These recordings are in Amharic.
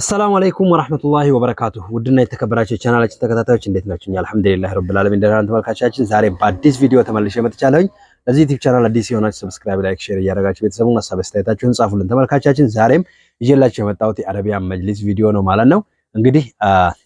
አሰላሙ አለይኩም ወራህመቱላሂ ወበረካቱ ውድና የተከበራችሁ የቻናላችን ተከታታዮች እንዴት ናችሁ? አልሐምዱሊላህ ረብል ዓለሚን እንደራን ተመልካቻችን፣ ዛሬ በአዲስ ቪዲዮ ተመልሼ መጥቻለሁኝ። ለዚህ ዩቲዩብ ቻናል አዲስ የሆናችሁ ሰብስክራይብ፣ ላይክ፣ ሼር እያደረጋችሁ ቤተሰቡን ሀሳብ አስተያየታችሁን ጻፉልን። ተመልካቻችን ዛሬም ይዤላችሁ የመጣሁት የአረቢያን መጅሊስ ቪዲዮ ነው ማለት ነው። እንግዲህ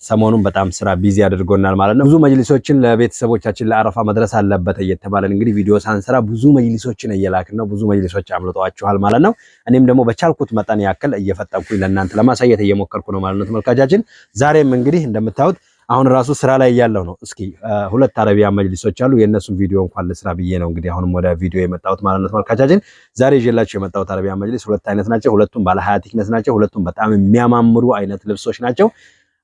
ሰሞኑን በጣም ስራ ቢዚ አድርጎናል ማለት ነው። ብዙ መጅሊሶችን ለቤተሰቦቻችን ለአረፋ መድረስ አለበት እየተባለን እንግዲህ ቪዲዮ ሳንሰራ ብዙ መጅሊሶችን እየላክን ነው። ብዙ መጅሊሶች አምልጠዋችኋል ማለት ነው። እኔም ደግሞ በቻልኩት መጠን ያክል እየፈጠንኩኝ ለእናንተ ለማሳየት እየሞከርኩ ነው ማለት ነው ተመልካቻችን። ዛሬም እንግዲህ እንደምታዩት አሁን ራሱ ስራ ላይ እያለሁ ነው። እስኪ ሁለት አረቢያ መጅሊሶች አሉ። የእነሱን ቪዲዮ እንኳን ለስራ ብዬ ነው እንግዲህ አሁንም ወደ ቪዲዮ የመጣሁት ማለት ነው። ተመልካቻችን ዛሬ ይዤላችሁ የመጣሁት አረቢያ መጅሊስ ሁለት አይነት ናቸው። ሁለቱም ባለ ሀያ ናቸው። ሁለቱም በጣም የሚያማምሩ አይነት ልብሶች ናቸው።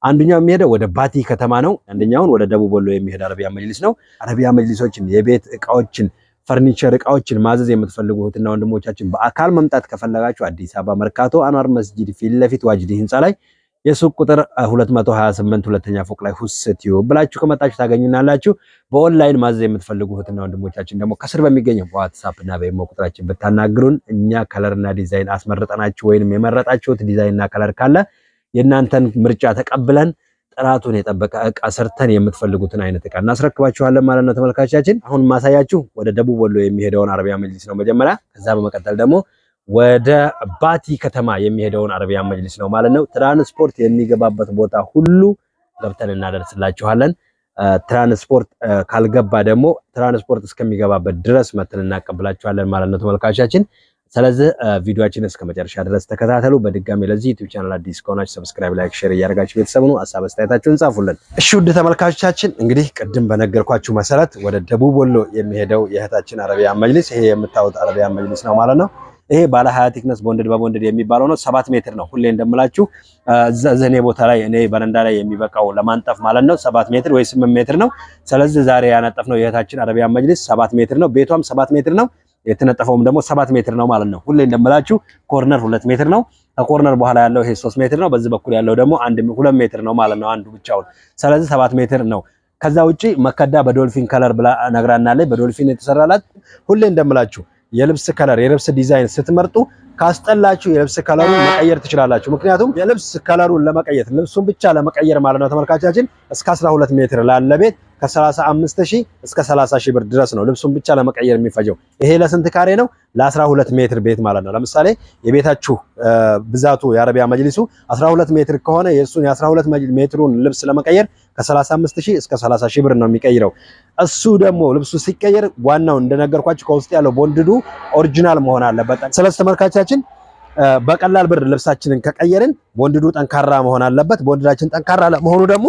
አንደኛው የሚሄደው ወደ ባቲ ከተማ ነው። አንደኛውን ወደ ደቡብ ወሎ የሚሄድ አረቢያ መጅሊስ ነው። አረቢያ መጅሊሶችን የቤት እቃዎችን ፈርኒቸር እቃዎችን ማዘዝ የምትፈልጉ እህትና ወንድሞቻችን በአካል መምጣት ከፈለጋችሁ አዲስ አበባ መርካቶ አንዋር መስጂድ ፊት ለፊት ዋጅዲ ህንፃ ላይ የሱቅ ቁጥር 228 ሁለተኛ ፎቅ ላይ ሁስቲዩ ብላችሁ ከመጣችሁ ታገኙናላችሁ። በኦንላይን ማዘዝ የምትፈልጉ እህትና ወንድሞቻችን ደግሞ ከስር በሚገኘው በዋትሳፕ እና በኢሞ ቁጥራችን ብታናግሩን እኛ ከለርና ዲዛይን አስመረጠናችሁ ወይንም የመረጣችሁት ዲዛይንና ከለር ካለ የእናንተን ምርጫ ተቀብለን ጥራቱን የጠበቀ እቃ ሰርተን የምትፈልጉትን አይነት እቃ እናስረክባችኋለን ማለት ነው ተመልካቾቻችን። አሁን ማሳያችሁ ወደ ደቡብ ወሎ የሚሄደውን አረቢያ መጅሊስ ነው መጀመሪያ። ከዛ በመቀጠል ደግሞ ወደ ባቲ ከተማ የሚሄደውን አረቢያን መጅሊስ ነው ማለት ነው። ትራንስፖርት የሚገባበት ቦታ ሁሉ ገብተን እናደርስላችኋለን። ትራንስፖርት ካልገባ ደግሞ ትራንስፖርት እስከሚገባበት ድረስ መተን እናቀብላችኋለን ማለት ነው ተመልካቾቻችን። ስለዚህ ቪዲዮአችን እስከ መጨረሻ ድረስ ተከታተሉ። በድጋሚ ለዚህ ዩቲዩብ ቻናል አዲስ ከሆናችሁ ሰብስክራይብ፣ ላይክ፣ ሼር እያደረጋችሁ ቤተሰብ ነው ሀሳብ አስተያየታችሁን ጻፉልን። እሺ ውድ ተመልካቾቻችን እንግዲህ ቅድም በነገርኳችሁ መሰረት ወደ ደቡብ ወሎ የሚሄደው የእህታችን አረቢያን መጅሊስ ይሄ የምታዩት አረቢያን መጅሊስ ነው ማለት ነው። ይሄ ባለ ሀያ ቲክነስ ቦንድድ በቦንድድ የሚባለው ነው። ሰባት ሜትር ነው። ሁሌ እንደምላችሁ ዘኔ ቦታ ላይ እኔ በረንዳ ላይ የሚበቃው ለማንጠፍ ማለት ነው ሰባት ሜትር ወይ ስምንት ሜትር ነው። ስለዚህ ዛሬ ያነጠፍ ነው የእህታችን አረቢያን መጅሊስ ሰባት ሜትር ነው። ቤቷም ሰባት ሜትር ነው። የተነጠፈውም ደግሞ ሰባት ሜትር ነው ማለት ነው። ሁሌ እንደምላችሁ ኮርነር ሁለት ሜትር ነው። ከኮርነር በኋላ ያለው ይሄ ሶስት ሜትር ነው። በዚህ በኩል ያለው ደግሞ አንድ ሁለት ሜትር ነው ማለት ነው። አንዱ ብቻውን ስለዚህ ሰባት ሜትር ነው። ከዛ ውጪ መከዳ በዶልፊን ከለር ብላ ነግራናለች። በዶልፊን የተሰራላት ሁሌ እንደምላችሁ የልብስ ከለር የልብስ ዲዛይን ስትመርጡ ካስጠላችሁ የልብስ ከለሩ መቀየር ትችላላችሁ። ምክንያቱም የልብስ ከለሩን ለመቀየር ልብሱን ብቻ ለመቀየር ማለት ነው ተመልካቻችን እስከ 12 ሜትር ላለ ቤት ከ35 ሺህ እስከ 30 ሺህ ብር ድረስ ነው ልብሱን ብቻ ለመቀየር የሚፈጀው። ይሄ ለስንት ካሬ ነው? ለ12 ሜትር ቤት ማለት ነው። ለምሳሌ የቤታችሁ ብዛቱ የአረቢያ መጅሊሱ 12 ሜትር ከሆነ የእሱን የ12 ሜትሩን ልብስ ለመቀየር ከ35 ሺህ እስከ 30 ሺህ ብር ነው የሚቀይረው። እሱ ደግሞ ልብሱ ሲቀየር ዋናው እንደነገርኳችሁ ከውስጥ ያለው ቦንድዱ ኦሪጂናል መሆን አለበት። ስለዚህ ተመልካቻችን በቀላል ብር ልብሳችንን ከቀየርን ቦንድዱ ጠንካራ መሆን አለበት። ቦንድዳችን ጠንካራ መሆኑ ደግሞ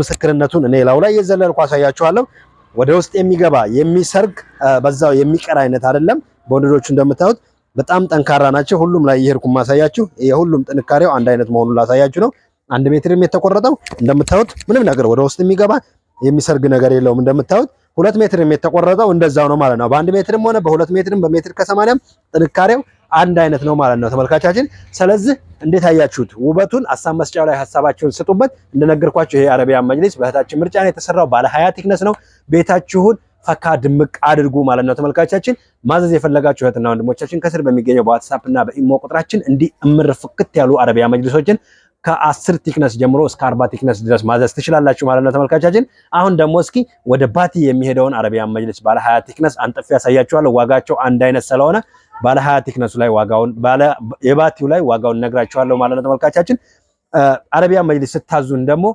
ምስክርነቱን እኔ ላው ላይ የዘለልኩ አሳያችኋለሁ። ወደ ውስጥ የሚገባ የሚሰርግ በዛው የሚቀር አይነት አይደለም። ቦንድዶቹ እንደምታዩት በጣም ጠንካራ ናቸው። ሁሉም ላይ የሄድኩ ማሳያችሁ የሁሉም ጥንካሬው አንድ አይነት መሆኑን ላሳያችሁ ነው። አንድ ሜትርም የተቆረጠው እንደምታዩት ምንም ነገር ወደ ውስጥ የሚገባ የሚሰርግ ነገር የለውም እንደምታዩት ሁለት ሜትር የተቆረጠው እንደዛው ነው ማለት ነው። በአንድ ሜትርም ሆነ በሁለት ሜትርም በሜትር ከሰማንያም ጥንካሬው አንድ አይነት ነው ማለት ነው ተመልካቻችን። ስለዚህ እንዴት አያችሁት? ውበቱን አሳብ መስጫው ላይ ሀሳባችሁን ስጡበት። እንደነገርኳችሁ ይሄ አረቢያን መጅሊስ በእህታችን ምርጫ ነው የተሰራው። ባለ ሀያ ቲክነስ ነው። ቤታችሁን ፈካ ድምቅ አድርጉ ማለት ነው ተመልካቻችን። ማዘዝ የፈለጋችሁ እህትና ወንድሞቻችን ከስር በሚገኘው በዋትሳፕ እና በኢሞ ቁጥራችን እንዲህ እምር ፍክት ያሉ አረቢያ መጅሊሶችን ከአስር ቲክነስ ጀምሮ እስከ አርባ ቲክነስ ድረስ ማዘዝ ትችላላችሁ ማለት ነው ተመልካቻችን። አሁን ደግሞ እስኪ ወደ ባቲ የሚሄደውን አረቢያን መጅልስ ባለ ሀያ ቲክነስ አንጥፌ ያሳያችኋለሁ። ዋጋቸው አንድ አይነት ስለሆነ ባለ ሀያ ቲክነሱ ላይ ዋጋውን የባቲው ላይ ዋጋውን ነግራችኋለሁ ማለት ነው ተመልካቻችን። አረቢያን መጅልስ ስታዙን ደግሞ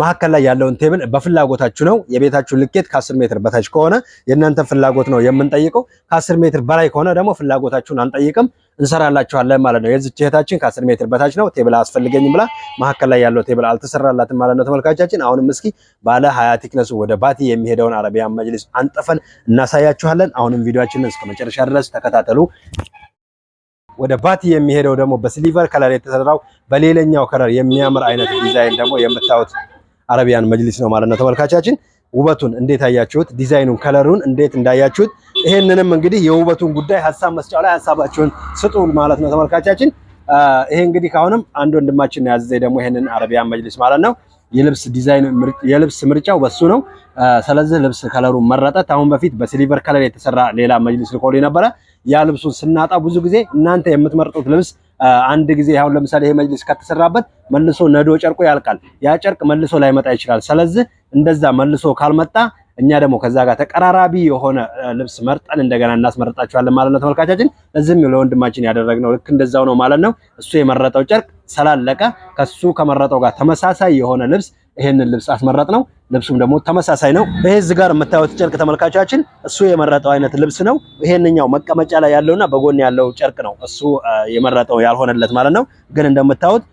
መሀከል ላይ ያለውን ቴብል በፍላጎታችሁ ነው። የቤታችሁ ልኬት ከአስር ሜትር በታች ከሆነ የእናንተ ፍላጎት ነው የምንጠይቀው። ከአስር ሜትር በላይ ከሆነ ደግሞ ፍላጎታችሁን አንጠይቅም። እንሰራላችኋለን ማለት ነው። የዚች እህታችን ከአስር ሜትር በታች ነው ቴብል አስፈልገኝም ብላ መካከል ላይ ያለው ቴብል አልተሰራላትም ማለት ነው። ተመልካቻችን አሁንም እስኪ ባለ ሀያ ቲክነሱ ወደ ባቲ የሚሄደውን አረቢያን መጅሊስ አንጥፈን እናሳያችኋለን። አሁንም ቪዲዮችንን እስከ መጨረሻ ድረስ ተከታተሉ። ወደ ባቲ የሚሄደው ደግሞ በሲሊቨር ከለር የተሰራው በሌላኛው ከለር የሚያምር አይነት ዲዛይን ደግሞ የምታዩት አረቢያን መጅሊስ ነው ማለት ነው ተመልካቻችን ውበቱን እንዴት አያችሁት? ዲዛይኑን ከለሩን እንዴት እንዳያችሁት? ይሄንንም እንግዲህ የውበቱን ጉዳይ ሀሳብ መስጫው ላይ ሀሳባችሁን ስጡ ማለት ነው ተመልካቻችን። ይሄ እንግዲህ ካሁንም አንድ ወንድማችን ነው ያዘዘኝ ደግሞ ይሄንን አረቢያን መጅሊስ ማለት ነው። የልብስ ዲዛይን የልብስ ምርጫው በሱ ነው። ስለዚህ ልብስ ከለሩን መረጠ። አሁን በፊት በሲሊቨር ከለር የተሰራ ሌላ መጅሊስ ልኮልኝ ነበረ። ያ ልብሱን ስናጣ ብዙ ጊዜ እናንተ የምትመርጡት ልብስ አንድ ጊዜ አሁን ለምሳሌ ይሄ መጅልስ ከተሰራበት መልሶ ነዶ ጨርቆ ያልቃል። ያ ጨርቅ መልሶ ላይመጣ ይችላል። ስለዚህ እንደዛ መልሶ ካልመጣ እኛ ደግሞ ከዛ ጋር ተቀራራቢ የሆነ ልብስ መርጠን እንደገና እናስመረጣችኋለን ማለት ነው ተመልካቻችን። ለዚህም ለወንድማችን ያደረግነው ልክ እንደዛው ነው ማለት ነው። እሱ የመረጠው ጨርቅ ስላለቀ ከሱ ከመረጠው ጋር ተመሳሳይ የሆነ ልብስ ይሄንን ልብስ አስመረጥ ነው። ልብሱም ደግሞ ተመሳሳይ ነው። በህዝ ጋር የምታዩት ጨርቅ ተመልካቻችን እሱ የመረጠው አይነት ልብስ ነው። ይሄንኛው መቀመጫ ላይ ያለውና በጎን ያለው ጨርቅ ነው እሱ የመረጠው ያልሆነለት ማለት ነው። ግን እንደምታዩት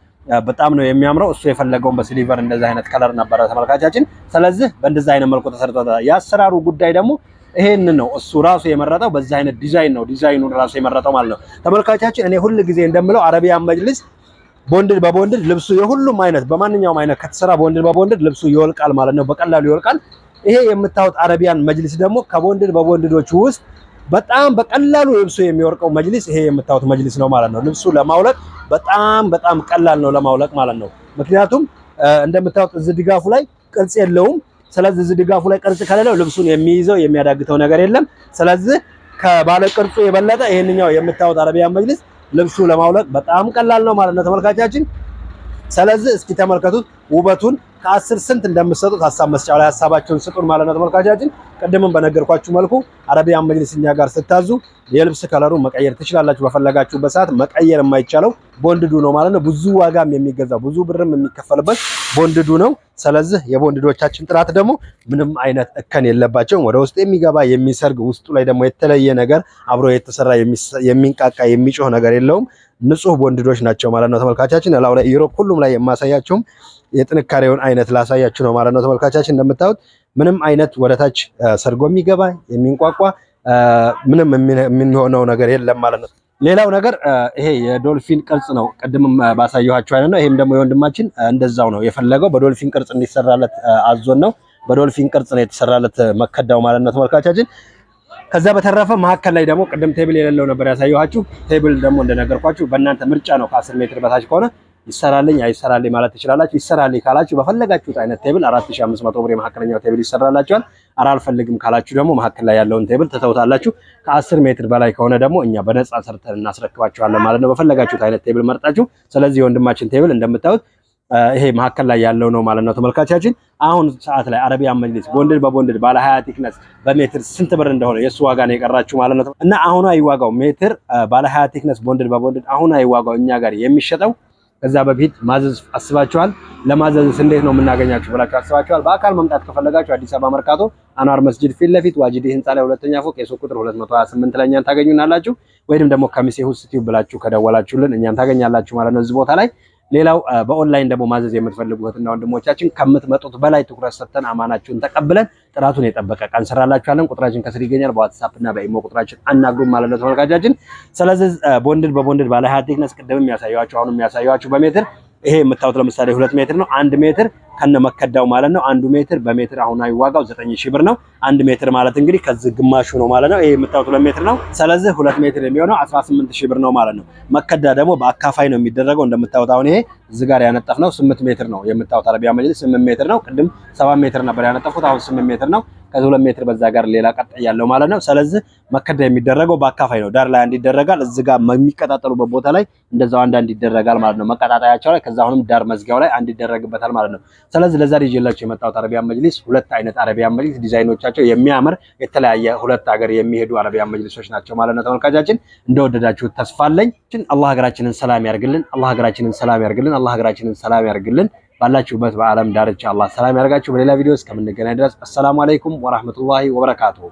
በጣም ነው የሚያምረው። እሱ የፈለገውን በሲሊቨር እንደዚህ አይነት ከለር ነበረ ተመልካቻችን። ስለዚህ በእንደዚህ አይነት መልኩ ተሰርቷል። የአሰራሩ ጉዳይ ደግሞ ይሄንን ነው እሱ ራሱ የመረጠው በዚህ አይነት ዲዛይን ነው ዲዛይኑን ራሱ የመረጠው ማለት ነው። ተመልካቻችን እኔ ሁል ጊዜ እንደምለው አረቢያን መጅልስ ቦንድድ በቦንድድ ልብሱ የሁሉም አይነት በማንኛውም አይነት ከተሰራ ቦንድድ በቦንድድ ልብሱ ይወልቃል ማለት ነው፣ በቀላሉ ይወልቃል። ይሄ የምታዩት አረቢያን መጅሊስ ደግሞ ከቦንድድ በቦንድዶች ውስጥ በጣም በቀላሉ ልብሱ የሚወርቀው መጅሊስ ይሄ የምታዩት መጅሊስ ነው ማለት ነው። ልብሱ ለማውለቅ በጣም በጣም ቀላል ነው ለማውለቅ ማለት ነው። ምክንያቱም እንደምታዩት እዚህ ድጋፉ ላይ ቅርጽ የለውም። ስለዚህ እዚህ ድጋፉ ላይ ቅርጽ ከሌለው ልብሱን የሚይዘው የሚያዳግተው ነገር የለም። ስለዚህ ከባለ ቅርጹ የበለጠ ይሄንኛው የምታዩት አረቢያን መጅሊስ ልብሱ ለማውለቅ በጣም ቀላል ነው ማለት ነው ተመልካቻችን። ስለዚህ እስኪ ተመልከቱት። ውበቱን ከአስር ስንት እንደምትሰጡት ሀሳብ መስጫ ላይ ሀሳባቸውን ስጡን ማለት ነው። ተመልካቻችን ቅድምም በነገርኳችሁ መልኩ አረቢያን መጅሊስ እኛ ጋር ስታዙ የልብስ ከለሩ መቀየር ትችላላችሁ። በፈለጋችሁበት ሰዓት መቀየር የማይቻለው ቦንድዱ ነው ማለት ነው። ብዙ ዋጋም የሚገዛው ብዙ ብርም የሚከፈልበት ቦንድዱ ነው። ስለዚህ የቦንድዶቻችን ጥራት ደግሞ ምንም አይነት እከን የለባቸውም። ወደ ውስጥ የሚገባ የሚሰርግ፣ ውስጡ ላይ ደግሞ የተለየ ነገር አብሮ የተሰራ የሚንቃቃ የሚጮህ ነገር የለውም። ንጹህ ቦንድዶች ናቸው ማለት ነው። ተመልካቻችን ላው ላይ ዩሮፕ ሁሉም ላይ የማሳያቸውም የጥንካሬውን አይነት ላሳያችሁ ነው ማለት ነው። ተመልካቻችን እንደምታዩት ምንም አይነት ወደታች ሰርጎ የሚገባ የሚንቋቋ ምንም የሚሆነው ነገር የለም ማለት ነው። ሌላው ነገር ይሄ የዶልፊን ቅርጽ ነው። ቅድምም ባሳየኋችሁ አይነት ነው። ይሄም ደግሞ የወንድማችን እንደዛው ነው የፈለገው በዶልፊን ቅርጽ እንዲሰራለት አዞን ነው። በዶልፊን ቅርጽ ነው የተሰራለት መከዳው ማለት ነው ተመልካቻችን። ከዛ በተረፈ መሀከል ላይ ደግሞ ቅድም ቴብል የሌለው ነበር ያሳየኋችሁ። ቴብል ደግሞ እንደነገርኳችሁ በእናንተ ምርጫ ነው ከአስር ሜትር በታች ከሆነ ይሰራልኝ አይሰራልኝ ማለት ትችላላችሁ። ይሰራልኝ ካላችሁ በፈለጋችሁት አይነት ቴብል 4500 ብር የመካከለኛው ቴብል ይሰራላችኋል። ኧረ አልፈልግም ካላችሁ ደግሞ መካከል ላይ ያለውን ቴብል ትተውታላችሁ። ከ10 ሜትር በላይ ከሆነ ደግሞ እኛ በነፃ ሰርተን እናስረክባችኋለን ማለት ነው፣ በፈለጋችሁት አይነት ቴብል መርጣችሁ። ስለዚህ የወንድማችን ቴብል እንደምታዩት ይሄ መካከል ላይ ያለው ነው ማለት ነው ተመልካቻችን። አሁን ሰዓት ላይ አረቢያን መጅሊስ ቦንድድ በቦንድድ ባለ 20 ቲክነስ በሜትር ስንት ብር እንደሆነ የሱ ዋጋ ነው የቀራችሁ ማለት ነው። እና አሁን አይዋጋው ሜትር ባለ 20 ቲክነስ ቦንድድ በቦንድድ አሁን አይዋጋው እኛ ጋር የሚሸጠው ከዛ በፊት ማዘዝ አስባችኋል? ለማዘዝስ እንዴት ነው የምናገኛችሁ ብላችሁ አስባችኋል? በአካል መምጣት ከፈለጋችሁ አዲስ አበባ መርካቶ አኗር መስጂድ ፊት ለፊት ዋጅዲ ህንፃ ላይ ሁለተኛ ፎቅ የሱቅ ቁጥር 228 ላይ እኛን ታገኙናላችሁ። ወይንም ደግሞ ከሚሴ ሁስቲው ብላችሁ ከደወላችሁልን እኛን ታገኛላችሁ ማለት ነው እዚህ ቦታ ላይ ሌላው በኦንላይን ደግሞ ማዘዝ የምትፈልጉ እህትና ወንድሞቻችን ከምትመጡት በላይ ትኩረት ሰጥተን አማናችሁን ተቀብለን ጥራቱን የጠበቀ ቃል እንሰራላችኋለን። ቁጥራችን ከስር ይገኛል። በዋትሳፕ እና በኢሞ ቁጥራችን አናግሩም ማለት ነው ተመልካቻችን። ስለዚህ ቦንድድ በቦንድድ ባለ ሀያቴክነስ ቅድም የሚያሳያችሁ አሁን የሚያሳያችሁ በሜትር ይሄ የምታዩት ለምሳሌ ሁለት ሜትር ነው። አንድ ሜትር ከነ መከዳው ማለት ነው። አንዱ ሜትር በሜትር አሁናዊ ዋጋው 9000 ብር ነው። አንድ ሜትር ማለት እንግዲህ ከዚህ ግማሹ ነው ማለት ነው። ይሄ የምታዩት ሁለት ሜትር ነው። ስለዚህ ሁለት ሜትር የሚሆነው 18000 ብር ነው ማለት ነው። መከዳ ደግሞ በአካፋይ ነው የሚደረገው እንደምታዩት አሁን ይሄ እዚህ ጋር ያነጠፍነው ስምንት ሜትር ነው የምታዩት። አረቢያ መጅሊስ ስምንት ሜትር ነው። ቅድም ሰባት ሜትር ነበር ያነጠፉት፣ አሁን ስምንት ሜትር ነው። ከዚህ ሁለት ሜትር በዛ ጋር ሌላ ቀጥ ያለው ማለት ነው። ስለዚህ መከዳ የሚደረገው በአካፋይ ነው። ዳር ላይ አንድ ይደረጋል፣ እዚህ ጋር የሚቀጣጠሉበት ቦታ ላይ እንደዛው አንድ አንድ ይደረጋል ማለት ነው። መቀጣጣያቸው ላይ ከዛ አሁንም ዳር መዝጊያው ላይ አንድ ይደረግበታል ማለት ነው። ስለዚህ ለዛሬ ይዤላችሁ የመጣሁት አረቢያ መጅሊስ ሁለት አይነት አረቢያ መጅሊስ ዲዛይኖቻቸው የሚያምር የተለያየ ሁለት ሀገር የሚሄዱ አረቢያ መጅሊሶች ናቸው ማለት ነው። ተመልካቻችን እንደወደዳችሁት ተስፋ አለኝ። አላህ ሀገራችንን ሰላም ያርግልን። አላህ ሀገራችንን ሰላም ያርግልን። አላህ ሀገራችንን ሰላም ያርግልን። ባላችሁበት በዓለም ዳርቻ አላህ ሰላም ያርጋችሁ። በሌላ ቪዲዮ እስከምንገናኝ ድረስ አሰላሙ አለይኩም ወራህመቱላሂ ወበረካቱሁ።